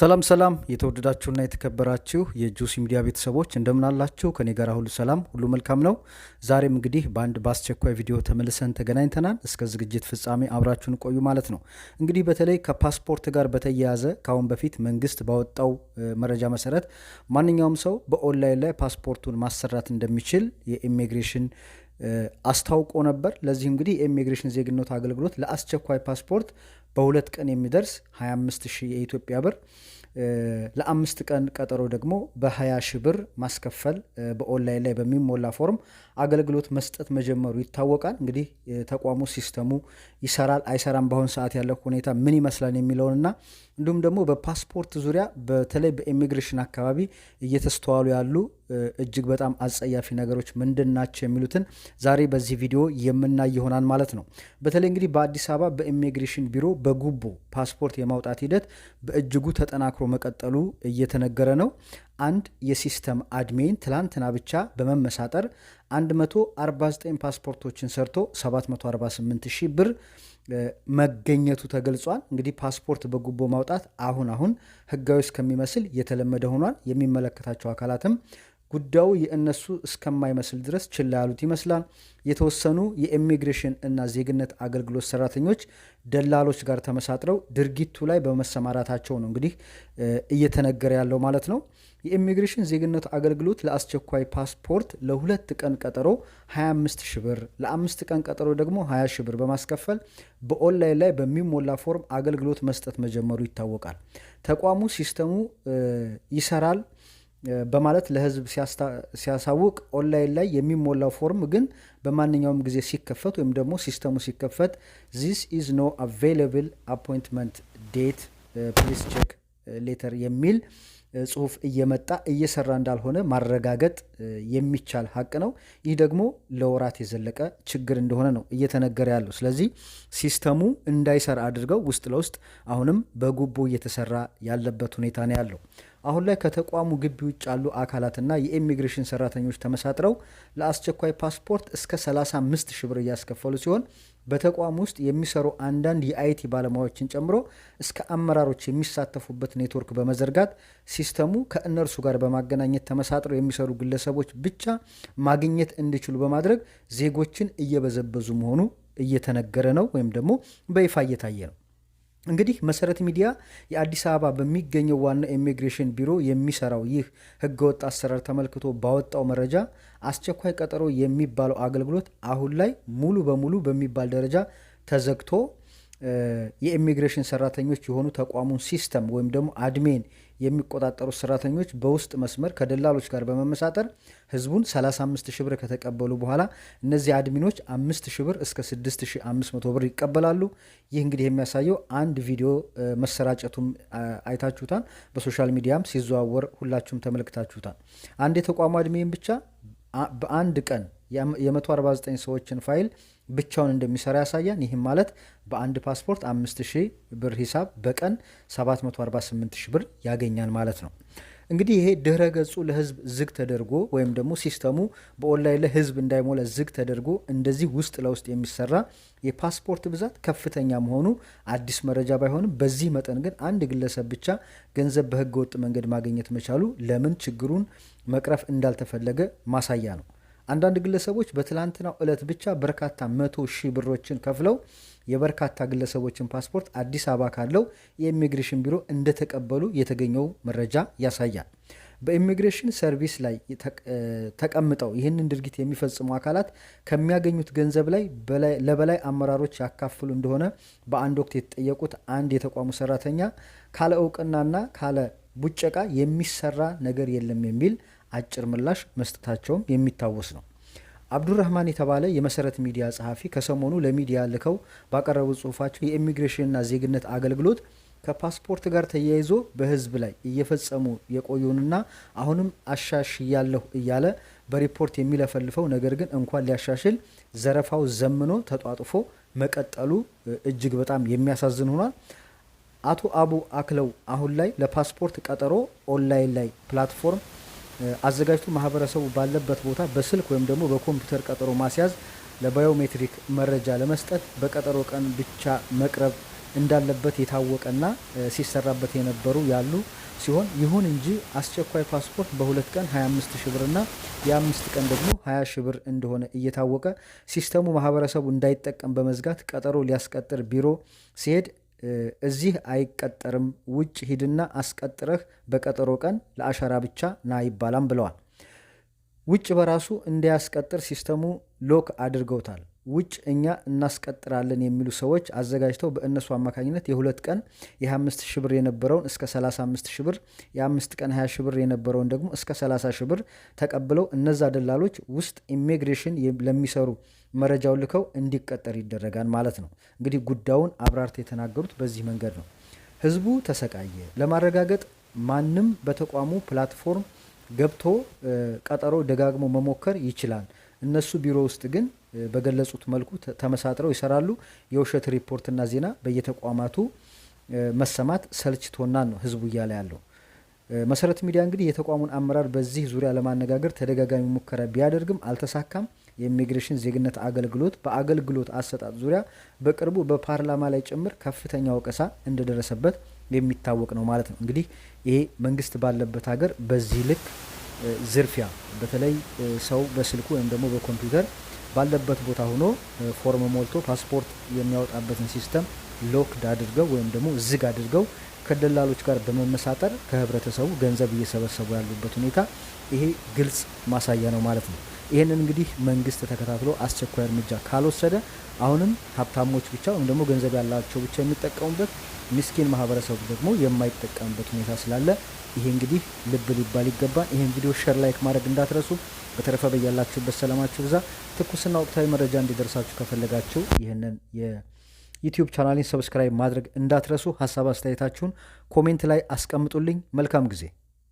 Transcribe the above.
ሰላም ሰላም የተወደዳችሁና የተከበራችሁ የጁሲ ሚዲያ ቤተሰቦች እንደምን አላችሁ? ከኔ ጋር ሁሉ ሰላም፣ ሁሉ መልካም ነው። ዛሬም እንግዲህ በአንድ በአስቸኳይ ቪዲዮ ተመልሰን ተገናኝተናል። እስከ ዝግጅት ፍጻሜ አብራችሁን ቆዩ ማለት ነው። እንግዲህ በተለይ ከፓስፖርት ጋር በተያያዘ ከአሁን በፊት መንግስት ባወጣው መረጃ መሰረት ማንኛውም ሰው በኦንላይን ላይ ፓስፖርቱን ማሰራት እንደሚችል የኢሚግሬሽን አስታውቆ ነበር። ለዚህ እንግዲህ የኢሚግሬሽን ዜግነት አገልግሎት ለአስቸኳይ ፓስፖርት በሁለት ቀን የሚደርስ 25 የኢትዮጵያ ብር ለአምስት ቀን ቀጠሮ ደግሞ በ20 ሺህ ብር ማስከፈል በኦንላይን ላይ በሚሞላ ፎርም አገልግሎት መስጠት መጀመሩ ይታወቃል። እንግዲህ ተቋሙ ሲስተሙ ይሰራል አይሰራም፣ በአሁን ሰዓት ያለው ሁኔታ ምን ይመስላል የሚለውንና እንዲሁም ደግሞ በፓስፖርት ዙሪያ በተለይ በኢሚግሬሽን አካባቢ እየተስተዋሉ ያሉ እጅግ በጣም አጸያፊ ነገሮች ምንድን ናቸው የሚሉትን ዛሬ በዚህ ቪዲዮ የምናይ ይሆናል ማለት ነው። በተለይ እንግዲህ በአዲስ አበባ በኢሚግሬሽን ቢሮ በጉቦ ፓስፖርት የማውጣት ሂደት በእጅጉ ተጠናክሮ መቀጠሉ እየተነገረ ነው። አንድ የሲስተም አድሜን ትላንትና ብቻ በመመሳጠር 149 ፓስፖርቶችን ሰርቶ 748 ሺህ ብር መገኘቱ ተገልጿል። እንግዲህ ፓስፖርት በጉቦ ማውጣት አሁን አሁን ህጋዊ እስከሚመስል የተለመደ ሆኗል። የሚመለከታቸው አካላትም ጉዳዩ የእነሱ እስከማይመስል ድረስ ችላ ያሉት ይመስላል። የተወሰኑ የኢሚግሬሽን እና ዜግነት አገልግሎት ሰራተኞች ደላሎች ጋር ተመሳጥረው ድርጊቱ ላይ በመሰማራታቸው ነው እንግዲህ እየተነገረ ያለው ማለት ነው። የኢሚግሬሽን ዜግነት አገልግሎት ለአስቸኳይ ፓስፖርት ለሁለት ቀን ቀጠሮ 25 ሺ ብር፣ ለአምስት ቀን ቀጠሮ ደግሞ 20 ሺ ብር በማስከፈል በኦንላይን ላይ በሚሞላ ፎርም አገልግሎት መስጠት መጀመሩ ይታወቃል። ተቋሙ ሲስተሙ ይሰራል በማለት ለህዝብ ሲያሳውቅ ኦንላይን ላይ የሚሞላው ፎርም ግን በማንኛውም ጊዜ ሲከፈት ወይም ደግሞ ሲስተሙ ሲከፈት ዚስ ኢዝ ኖ አቬይለብል አፖይንትመንት ዴት ፕሊስ ቼክ ሌተር የሚል ጽሁፍ እየመጣ እየሰራ እንዳልሆነ ማረጋገጥ የሚቻል ሀቅ ነው። ይህ ደግሞ ለወራት የዘለቀ ችግር እንደሆነ ነው እየተነገረ ያለው። ስለዚህ ሲስተሙ እንዳይሰራ አድርገው ውስጥ ለውስጥ አሁንም በጉቦ እየተሰራ ያለበት ሁኔታ ነው ያለው። አሁን ላይ ከተቋሙ ግቢ ውጭ ያሉ አካላትና የኢሚግሬሽን ሰራተኞች ተመሳጥረው ለአስቸኳይ ፓስፖርት እስከ 35 ሺ ብር እያስከፈሉ ሲሆን በተቋም ውስጥ የሚሰሩ አንዳንድ የአይቲ ባለሙያዎችን ጨምሮ እስከ አመራሮች የሚሳተፉበት ኔትወርክ በመዘርጋት ሲስተሙ ከእነርሱ ጋር በማገናኘት ተመሳጥረው የሚሰሩ ግለሰቦች ብቻ ማግኘት እንዲችሉ በማድረግ ዜጎችን እየበዘበዙ መሆኑ እየተነገረ ነው ወይም ደግሞ በይፋ እየታየ ነው። እንግዲህ መሰረት ሚዲያ የአዲስ አበባ በሚገኘው ዋና ኢሚግሬሽን ቢሮ የሚሰራው ይህ ህገወጥ አሰራር ተመልክቶ ባወጣው መረጃ አስቸኳይ ቀጠሮ የሚባለው አገልግሎት አሁን ላይ ሙሉ በሙሉ በሚባል ደረጃ ተዘግቶ የኢሚግሬሽን ሰራተኞች የሆኑ ተቋሙን ሲስተም ወይም ደግሞ አድሜን የሚቆጣጠሩት ሰራተኞች በውስጥ መስመር ከደላሎች ጋር በመመሳጠር ህዝቡን 35 ሺህ ብር ከተቀበሉ በኋላ እነዚህ አድሚኖች 5 ሺህ ብር እስከ 6500 ብር ይቀበላሉ። ይህ እንግዲህ የሚያሳየው አንድ ቪዲዮ መሰራጨቱም አይታችሁታል። በሶሻል ሚዲያም ሲዘዋወር ሁላችሁም ተመልክታችሁታል። አንድ የተቋሙ አድሚን ብቻ በአንድ ቀን የ149 ሰዎችን ፋይል ብቻውን እንደሚሰራ ያሳያል። ይህም ማለት በአንድ ፓስፖርት 5000 ብር ሂሳብ በቀን 748 ብር ያገኛል ማለት ነው። እንግዲህ ይሄ ድህረ ገጹ ለህዝብ ዝግ ተደርጎ ወይም ደግሞ ሲስተሙ በኦንላይን ለህዝብ እንዳይሞላ ዝግ ተደርጎ እንደዚህ ውስጥ ለውስጥ የሚሰራ የፓስፖርት ብዛት ከፍተኛ መሆኑ አዲስ መረጃ ባይሆንም፣ በዚህ መጠን ግን አንድ ግለሰብ ብቻ ገንዘብ በህገ ወጥ መንገድ ማግኘት መቻሉ ለምን ችግሩን መቅረፍ እንዳልተፈለገ ማሳያ ነው። አንዳንድ ግለሰቦች በትላንትናው ዕለት ብቻ በርካታ መቶ ሺህ ብሮችን ከፍለው የበርካታ ግለሰቦችን ፓስፖርት አዲስ አበባ ካለው የኢሚግሬሽን ቢሮ እንደተቀበሉ የተገኘው መረጃ ያሳያል። በኢሚግሬሽን ሰርቪስ ላይ ተቀምጠው ይህንን ድርጊት የሚፈጽሙ አካላት ከሚያገኙት ገንዘብ ላይ ለበላይ አመራሮች ያካፍሉ እንደሆነ በአንድ ወቅት የተጠየቁት አንድ የተቋሙ ሰራተኛ ካለ እውቅናና ካለ ቡጨቃ የሚሰራ ነገር የለም የሚል አጭር ምላሽ መስጠታቸውም የሚታወስ ነው። አብዱራህማን የተባለ የመሰረት ሚዲያ ጸሐፊ ከሰሞኑ ለሚዲያ ልከው ባቀረቡት ጽሁፋቸው የኢሚግሬሽንና ዜግነት አገልግሎት ከፓስፖርት ጋር ተያይዞ በህዝብ ላይ እየፈጸሙ የቆዩንና አሁንም አሻሽያለሁ እያለ በሪፖርት የሚለፈልፈው ነገር ግን እንኳን ሊያሻሽል ዘረፋው ዘምኖ ተጧጥፎ መቀጠሉ እጅግ በጣም የሚያሳዝን ሆኗል። አቶ አቡ አክለው አሁን ላይ ለፓስፖርት ቀጠሮ ኦንላይን ላይ ፕላትፎርም አዘጋጅቶ ማህበረሰቡ ባለበት ቦታ በስልክ ወይም ደግሞ በኮምፒውተር ቀጠሮ ማስያዝ፣ ለባዮሜትሪክ መረጃ ለመስጠት በቀጠሮ ቀን ብቻ መቅረብ እንዳለበት የታወቀና ሲሰራበት የነበሩ ያሉ ሲሆን ይሁን እንጂ አስቸኳይ ፓስፖርት በሁለት ቀን 25 ሺ ብርና የአምስት ቀን ደግሞ 20 ሺ ብር እንደሆነ እየታወቀ ሲስተሙ ማህበረሰቡ እንዳይጠቀም በመዝጋት ቀጠሮ ሊያስቀጥር ቢሮ ሲሄድ እዚህ አይቀጠርም፣ ውጭ ሂድና አስቀጥረህ በቀጠሮ ቀን ለአሻራ ብቻ ና ይባላም ብለዋል። ውጭ በራሱ እንዲያስቀጥር ሲስተሙ ሎክ አድርገውታል። ውጭ እኛ እናስቀጥራለን የሚሉ ሰዎች አዘጋጅተው በእነሱ አማካኝነት የሁለት ቀን የ25 ብር የነበረውን እስከ 35 ሺ ብር የአምስት ቀን 20 ሺ ብር የነበረውን ደግሞ እስከ 30 ሺ ብር ተቀብለው እነዛ ደላሎች ውስጥ ኢሚግሬሽን ለሚሰሩ መረጃው ልከው እንዲቀጠር ይደረጋል ማለት ነው። እንግዲህ ጉዳዩን አብራርተው የተናገሩት በዚህ መንገድ ነው። ህዝቡ ተሰቃየ። ለማረጋገጥ ማንም በተቋሙ ፕላትፎርም ገብቶ ቀጠሮ ደጋግሞ መሞከር ይችላል። እነሱ ቢሮ ውስጥ ግን በገለጹት መልኩ ተመሳጥረው ይሰራሉ። የውሸት ሪፖርትና ዜና በየተቋማቱ መሰማት ሰልችቶናን ነው ህዝቡ እያለ ያለው። መሰረት ሚዲያ እንግዲህ የተቋሙን አመራር በዚህ ዙሪያ ለማነጋገር ተደጋጋሚ ሙከራ ቢያደርግም አልተሳካም። የኢሚግሬሽን ዜግነት አገልግሎት በአገልግሎት አሰጣጥ ዙሪያ በቅርቡ በፓርላማ ላይ ጭምር ከፍተኛ ወቀሳ እንደደረሰበት የሚታወቅ ነው ማለት ነው። እንግዲህ ይሄ መንግስት ባለበት ሀገር በዚህ ልክ ዝርፊያ፣ በተለይ ሰው በስልኩ ወይም ደግሞ በኮምፒውተር ባለበት ቦታ ሆኖ ፎርም ሞልቶ ፓስፖርት የሚያወጣበትን ሲስተም ሎክድ አድርገው ወይም ደግሞ ዝግ አድርገው ከደላሎች ጋር በመመሳጠር ከህብረተሰቡ ገንዘብ እየሰበሰቡ ያሉበት ሁኔታ ይሄ ግልጽ ማሳያ ነው ማለት ነው። ይህንን እንግዲህ መንግስት ተከታትሎ አስቸኳይ እርምጃ ካልወሰደ አሁንም ሀብታሞች ብቻ ወይም ደግሞ ገንዘብ ያላቸው ብቻ የሚጠቀሙበት ምስኪን ማህበረሰቡ ደግሞ የማይጠቀምበት ሁኔታ ስላለ ይሄ እንግዲህ ልብ ሊባል ይገባል። ይህን ቪዲዮ ሸር፣ ላይክ ማድረግ እንዳትረሱ። በተረፈ በያላችሁበት ሰላማችሁ ብዛ። ትኩስና ወቅታዊ መረጃ እንዲደርሳችሁ ከፈለጋችሁ ይህንን የዩትዩብ ቻናሌን ሰብስክራይብ ማድረግ እንዳትረሱ። ሀሳብ አስተያየታችሁን ኮሜንት ላይ አስቀምጡልኝ። መልካም ጊዜ